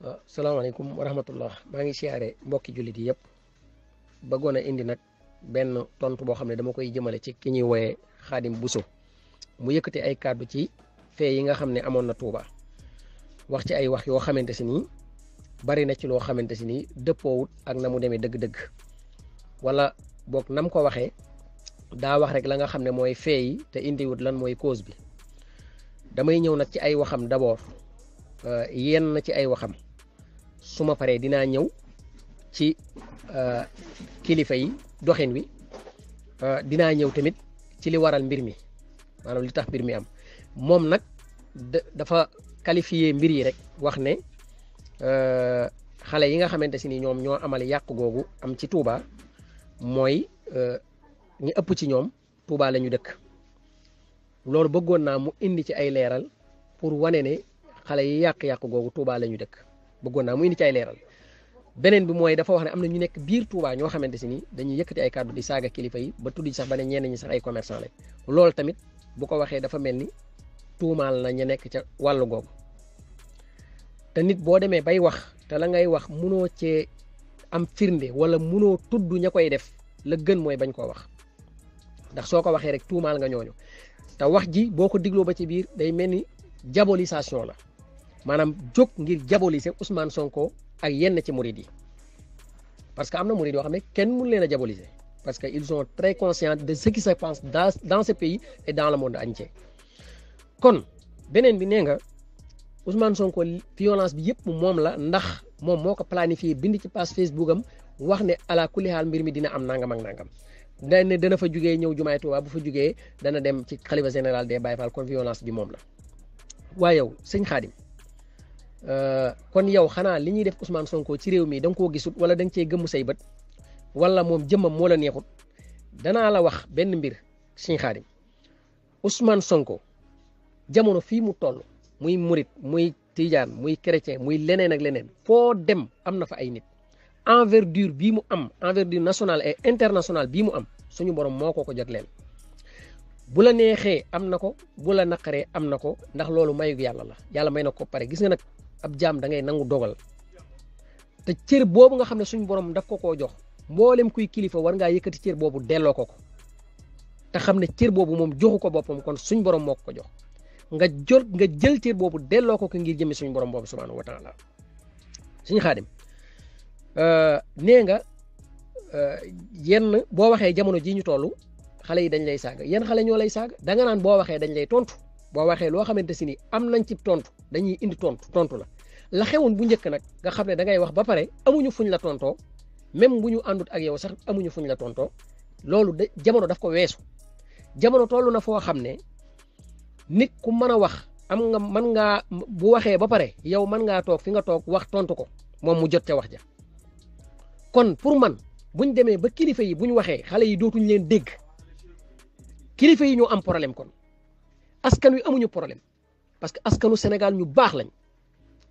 waaw ah, salaamaaleykum wa rahmatullah maa ngi siyaare mbokki jullit yi yëpp bëggoon a indi nag benn tontu boo xam ne dama koy jëmale ci ki ñuy wooyee Xaadim Buso mu yëkkati ay kàddu ci fee yi nga xam ne amoon na Tuuba wax ci ay wax yoo xamante si nii bari na ci loo xamante si nii dëppoowut ak na mu demee dëgg-dëgg wala boog nam ko waxee daa wax rek la nga xam ne mooy fee yi te indiwut lan mooy cause bi damay ñëw nag ci ay waxam d'abord ah, yenn ci ay waxam su ma paree dinaa ñëw ci euh, kilifa yi doxin wi euh, dinaa ñëw tamit ci li waral mbir mi maanaam li tax mbir mi am moom nag dafa qualifié mbir yi rek wax ne euh, xale yi nga xamante si ni ñoom ñoo amal yàq googu am ci Touba mooy ñu ëpp ci ñoom Touba la ñu dëkk loolu bëggoon naa mu indi ci ay leeral pour wane ne xale yi yàq-yàq googu Touba la ñu dëkk bëggoon naa mu indi ci ay leeral beneen bi mooy dafa wax ne am na ñu nekk biir Touba ñoo xamante si ni dañuy yëkkati ay kàddu di saaga kilifa yi ba tudd sax ba ne ñenn ñi sax ay commerçant lañ loolu tamit bu ko waxee dafa mel ni tuumaal na ñu nekk ca wàll googu te nit boo demee bay wax te la ngay wax munoo cee am firnde wala munoo tudd ña koy def la gën mooy bañ koo wax ndax soo ko waxee rek tuumaal nga ñooñu te wax ji boo ko digloo ba ci biir day mel ni diabolisation la maanaam jóg ngir diaboliser Ousmane Sonko ak yenn ci murid yi parce que am na murid yoo xam ne kenn mënu leen a diaboliser parce que ils sont très conscients de ce qui se passe dans dans ce pays et dans le monde entier kon beneen bi nee nga Ousmane Sonko violence bi yëpp moom la ndax moom moo ko planifié bind ci page Facebook am wax ne ala kulli haal mbir mi dina am nangam ak nangam da ne dana fa jugee ñëw jumaay Tuubaa bu fa jugee dana dem ci xalifa général des Baye Fall kon violence bi moom la waaye yow sëñ Xaadim Euh, kon yow xanaa li ñuy def Ousmane Sonko ci réew mi da nga koo gisut wala danga cee gëmm say bët wala moom jëmmam moo la neexut danaa la wax benn mbir Sëñ Xaadim Ousmane Sonko jamono fii mu toll muy murit muy tijaan muy chrétien muy leneen ak leneen foo dem am na fa ay nit envergure bii mu am envergure nationale et internationale bii mu am suñu borom moo ko ko jot leen bu la neexee am na ko bu la naqaree am na ko ndax loolu mayu yàlla la yàlla may na ko pare gis nga nag ab jaam dangay nangu dogal te cër boobu nga xam ne suñ borom daf ko koo jox mboolem kuy kilifa war ngaa yëkkati cër boobu delloo ko ko te xam ne cër boobu moom joxu ko boppam kon suñ borom moo ko jox nga jël nga jël cër boobu delloo ko ko ngir jëmee suñ borom boobu subhaanahu wa taala suñ xaadim euh, nee nga euh, yenn boo waxee jamono ji ñu toll xale yi dañ lay saaga yenn xale ñoo lay saaga danga naan boo waxee dañ lay tontu boo waxee loo xamante si ni am nañ ci tontu dañuy indi tontu tontu la la xewoon bu njëkk nag nga xam ne da ngay wax ba pare amuñu fuñ la tontoo même bu ñu àndut ak yow sax amuñu fuñ la tontoo loolu de jamono daf ko weesu jamono toll na foo xam ne nit ku mën a wax am nga mën ngaa bu waxee ba pare yow mën ngaa toog fi nga toog wax tontu ko moom mu jot ca wax ja kon pour man buñ demee ba kilifa yi buñ waxee xale yi dootuñ leen dégg kilifa yi ñoo am problème kon askan wi amuñu problème parce que askanu Sénégal ñu baax lañ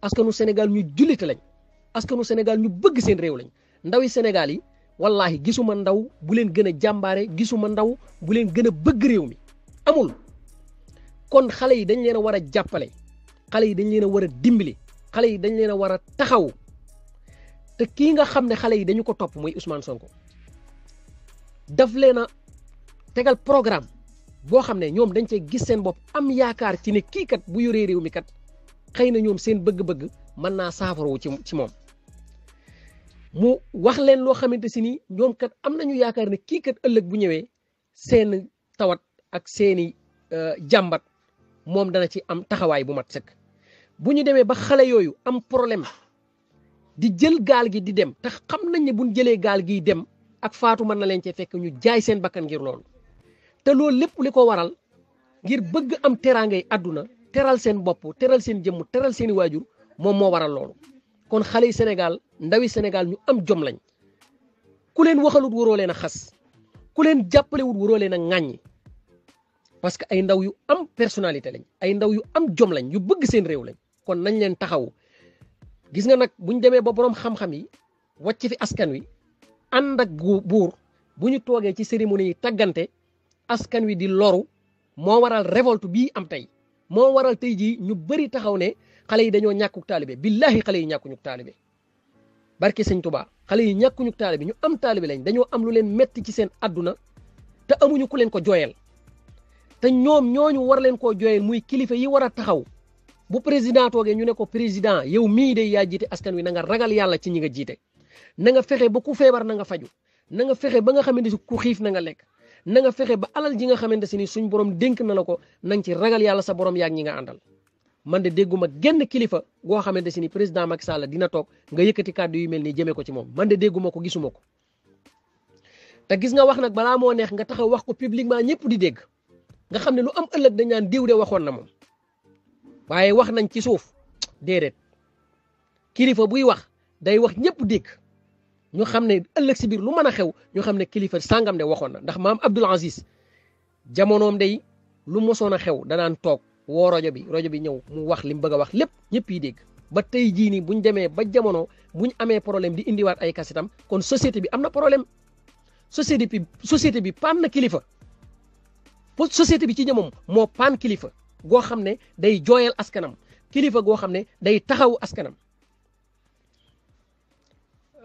askanu Sénégal ñu jullit lañ askanu Sénégal ñu bëgg seen réew lañ ndawi Sénégal yi wallaahi gisuma ndaw bu leen gën a jàmbaare gisuma ndaw bu leen gën a bëgg réew mi amul kon xale yi dañ leen a war a jàppale xale yi dañ leen a war a dimbali xale yi dañ leen a war a taxaw te kii nga xam ne xale yi dañu ko topp mooy Ousmane ko daf leen a tegal programme boo xam ne ñoom dañ cee gis seen bopp am yaakaar ci ne kii kat bu yoree réew mi kat xëy na ñoom seen bëgg-bëgg mën naa saafarawu ci ci moom mu wax leen loo xamante si ni ñoom kat am nañu yaakaar ne kii kat ëllëg bu ñëwee seen tawat ak seeni euh, jàmbat moom dana ci am taxawaay bu mat sëkk bu ñu demee ba xale yooyu am problème di jël gaal gi di dem tax xam nañ ne buñ jëlee gaal giy dem ak faatu mën na leen cee fekk ñu jaay seen bakkan ngir loolu te loolu lépp li ko waral ngir bëgg am teraangay àdduna teral sen bop teral sen jëm teral sen wajur mom mo moo waral kon xale Senegal, ndawi senegal ñu am jom lañ ku len waxalut woro leen xass ku len jappale wut woro ngagn parce que ay ndaw yu am personnalité lañ ay ndaw yu am jom lañ yu bëgg seen réew lañ kon nañ leen taxaw gis nga nak buñu démé ba borom xam-xam yi wacc fi askan wi and ak bour buñu togué ci cérémonie yi askan wi di loru mo waral révolte bi am tay moo waral tey jii ñu bëri taxaw ne xale yi dañoo ñàkkuk taalibe billahi xale yi ñàkkuñu taalibe barke sëñ Tuubaa xale yi ñàkkuñu taalibe ñu am taalibe lañ dañoo am lu leen metti ci seen adduna te amuñu ku leen ko jooyal te ñoom ñooñu war leen koo jooyal muy kilifa yi war a taxaw bu président toogee ñu ne ko président yow mii de yaa jiite askan wi nanga ragal yàlla ci ñi nga jiite na nga fexe ba ku feebar na nga faju na nga fexe ba nga xamante ni ku xiif na nga lekk na nga fexe ba alal ji nga xamante si ni suñ borom dénk na la ko na ci ragal yàlla sa borom yaag ñi nga àndal man de dégguma genn kilifa goo xamante si ni président Macky Sall dina toog nga yëkkati kàddu yu mel ni jëmee ko ci moom man de dégguma ko gisuma ko te gis nga wax nag balaa moo neex nga taxaw wax ko publiquement ñëpp di dégg nga xam ne lu am ëllëg dañ naan diw de waxoon na moom waaye wax nañ ci suuf déedéet kilifa buy wax day wax ñëpp dégg ñu xam ne ëllëg si biir lu mën a xew ñu xam ne kilifa sàngam de waxoon na ndax maam Abdul Aziz jamonoom day lu mosoon a xew danaan toog woo rajo bi rajo bi ñëw mu wax li mu bëgg a wax lépp ñëpp yi dégg ba tey jii nii buñ demee ba jamono bu buñ amee problème di indiwaat ay kasitam kon société bi am na problème société bi société bi paan na kilifa société bi ci ñëmam moo paan kilifa goo xam ne day jooyal askanam kilifa goo xam ne day taxaw askanam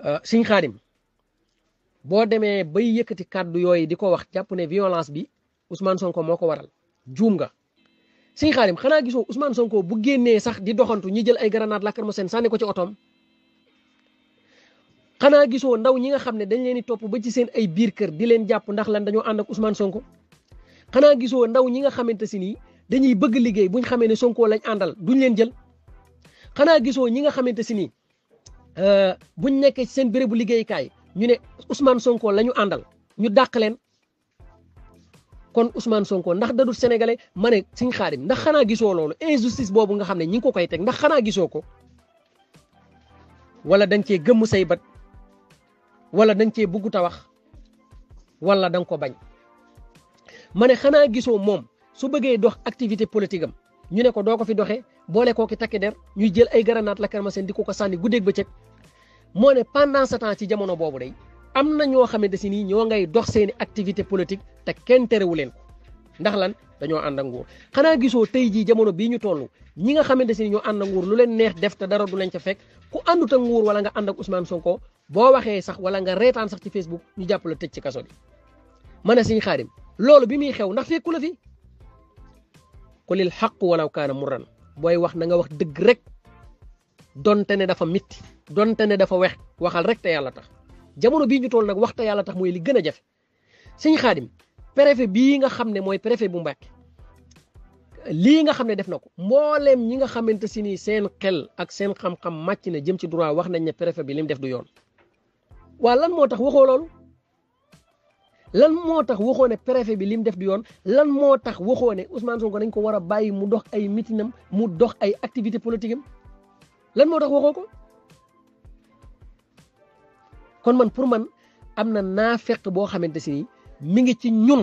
Euh, Sëñ Xaadim boo demee bay yëkkati kàddu yooyu di ko wax jàpp ne violence bi Ousmane Sonko moo ko waral juum nga Sëñ Xaadim xanaa gisoo Ousmane Sonko bu génnee sax di doxantu ñi jël ay grenade seen sànni ko ci otoom xanaa gisoo ndaw ñi nga xam ne dañ leen di topp ba ci seen ay biir kër di leen jàpp ndax dañoo ànd ak Sonko xanaa gisoo ndaw ñi nga xamante si nii dañuy bëgg liggéey buñ xamee ne Sonko lañ àndal duñ leen jël xanaa gisoo ñi nga xamante si nii Euh, buñ nekkee seen bérébu liggéeykaay ñu ne Ousmane Sonko la ñu àndal ñu dàq leen kon Ousmane Sonko ndax dadul sénégalais ma ne Sëñ Xaadim ndax xanaa gisoo loolu injustice boobu nga xam ne ñi ngi ko koy teg ndax xanaa gisoo ko wala dañ cee gëmm say bat wala dañ cee bugg ta wala danga ko bañ ma ne xanaa gisoo moom su bëggee dox activité politique am ñu ne ko doo ko fi doxee boole koo ki takki der ñuy jël ay garanaat la karma seen di ko ko sànni ba bëccëg moo ne pendant ce temps ci jamono boobu day am na ñoo xamante si nii ñoo ngay dox seeni activité politique te kenn terewu leen ndax lan dañoo ànd ak nguur xanaa gisoo tey jii jamono bii ñu toll ñi nga xamante si ni ñoo ànd ak nguur lu leen neex def te dara du leen ca fekk ku àndut ak nguur wala nga ànd ak Ousmane Sonko boo waxee sax wala nga reetaan sax ci Facebook ñu jàpp la tëj ci kaso bi mën a siñ xaarim loolu bi muy xew ndax fekku la fi qulil xaqu walaw kaana murran booy wax na nga wax dëgg rek donte ne dafa mitti donte ne dafa wex waxal rek te yàlla tax jamono bii ñu toll nag wax yàlla tax mooy li gën a jafe sëñ xaadim préfet bii nga xam ne mooy préfet bu Mbàkke lii nga xam ne def na ko mbooleem ñi nga xamante si ni seen xel ak seen xam-xam màcc na jëm ci droit wax nañ ne préfet bi lim def du yoon waa lan moo tax waxoo loolu lan moo tax waxoo ne préfet bi lim def du yoon lan moo tax waxoo ne Ousmane ko dañ ko war a bàyyi mu dox ay mitinam mu dox ay activité politique lan mo tax waxoko kon man pour man amna nafiq bo xamanteni mi ngi ci ñun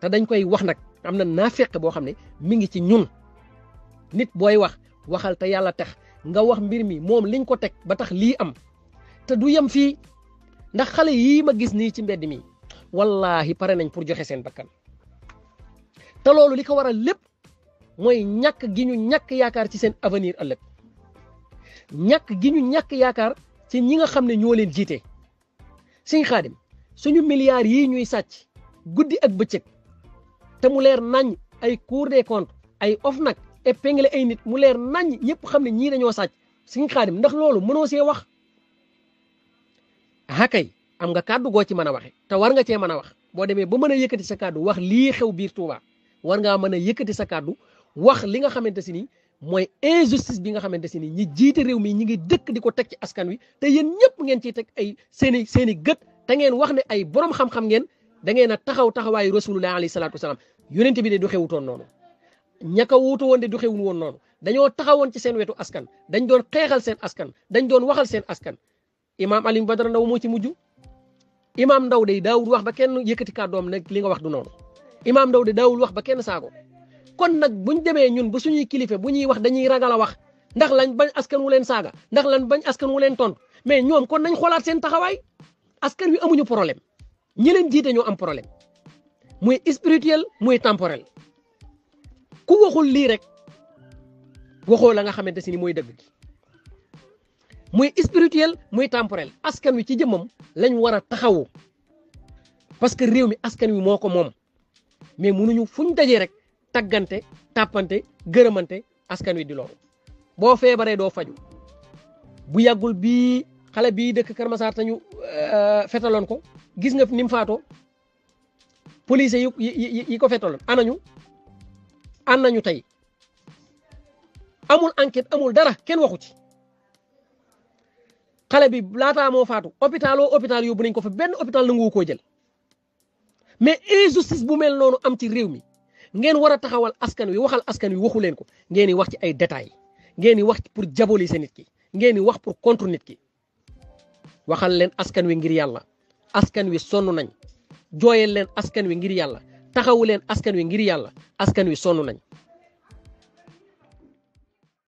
ta dañ koy wax nak amna nafiq bo xamne mi ngi ci ñun nit boy wax waxal ta yalla tax nga wax mbir mi mom liñ ko tek ba tax li am te du yam fi ndax xalé yi ma gis ni ci mbedd mi wallahi paré nañ pour joxe sen bakkan te lolu liko waral lépp mooy ñàkk gi ñu ci sen avenir ëlëk ñàkk gi ñu ñàkk yaakaar ci ñi nga xam ne ñoo leen jiite sëñ xaadim suñu milliards yii ñuy sàcc guddi ak bëccëg te mu leer nañ ay cour des comptes ay of nag OFNAC épinglé ay nit mu leer nañ ñëpp xam ne ñii dañoo sàcc sëñ xaadim ndax loolu mënoo see wax hakay am nga kàddu goo ci mën a waxe te war nga cee mën a wax boo demee ba mën a yëkkati sa kàddu wax lii xew biir Touba war ngaa mën a yëkkati sa wax li nga xamante si nii mooy injustice bi nga xamante si ni ñi jiite réew mi ñi ngi dëkk di ko teg ci askan wi te yéen ñëpp ngeen ciy teg ay seeni i gët te ngeen wax ne ay borom xam-xam ngeen da ngeen a taxaw taxawaayu rasulullah alayhi salaatu wasalaam yonente bi de du xewutoon noonu ña ko woon de du xewul woon noonu dañoo taxawoon ci seen wetu askan dañ doon xeexal seen askan dañ doon waxal seen askan imaam Alioune Badara Ndaw moo ci mujj imaam Ndaw de daawul wax ba kenn yëkkati kàddoom nag li nga wax du noonu imaam Ndaw de daawul wax ba kenn saako kon nag bu ñu demee ñun bu suñuy kilifa bu ñuy wax dañuy ragal a wax ndax lañ bañ askan wu leen saaga ndax lañ bañ askan wu leen ton mais ñoom kon nañ xoolaat seen taxawaay askan wi amuñu problème ñi leen jiite ñoo am problème muy spirituel muy temporel ku lii rek waxoo la nga xamante si ni mooy dëgg muy spirituel muy temporel askan wi ci jëmmam lañ war a taxawu parce que réew mi askan wi moo ko moom mais munuñu fu ñu dajee rek. taggante tàppante gërëmante askan wi di loolu boo feebaree doo faju bu yàggul bii xale bii dëkk Kër Masaar te ñu euh, ko gis nga ni mu faatoo police yi yi yi ko fetaloon anañu an nañu tey amul enquête amul dara kenn waxu ci xale bi bu laataa moo faatu hôpital oo hôpital yóbbu nañ ko fa benn hôpital nanguwu koo jël mais injustice bu mel noonu am ci réew mi ngeen war a taxawal askan wi waxal askan wi waxu leen ko ngeen di wax ci ay détails ngeen di wax pour diaboliser nit ki ngeen di wax pour contre nit ki waxal leen askan wi ngir yàlla askan wi sonn nañ jooyal leen askan wi ngir yàlla taxawu leen askan wi ngir yàlla askan wi sonn nañ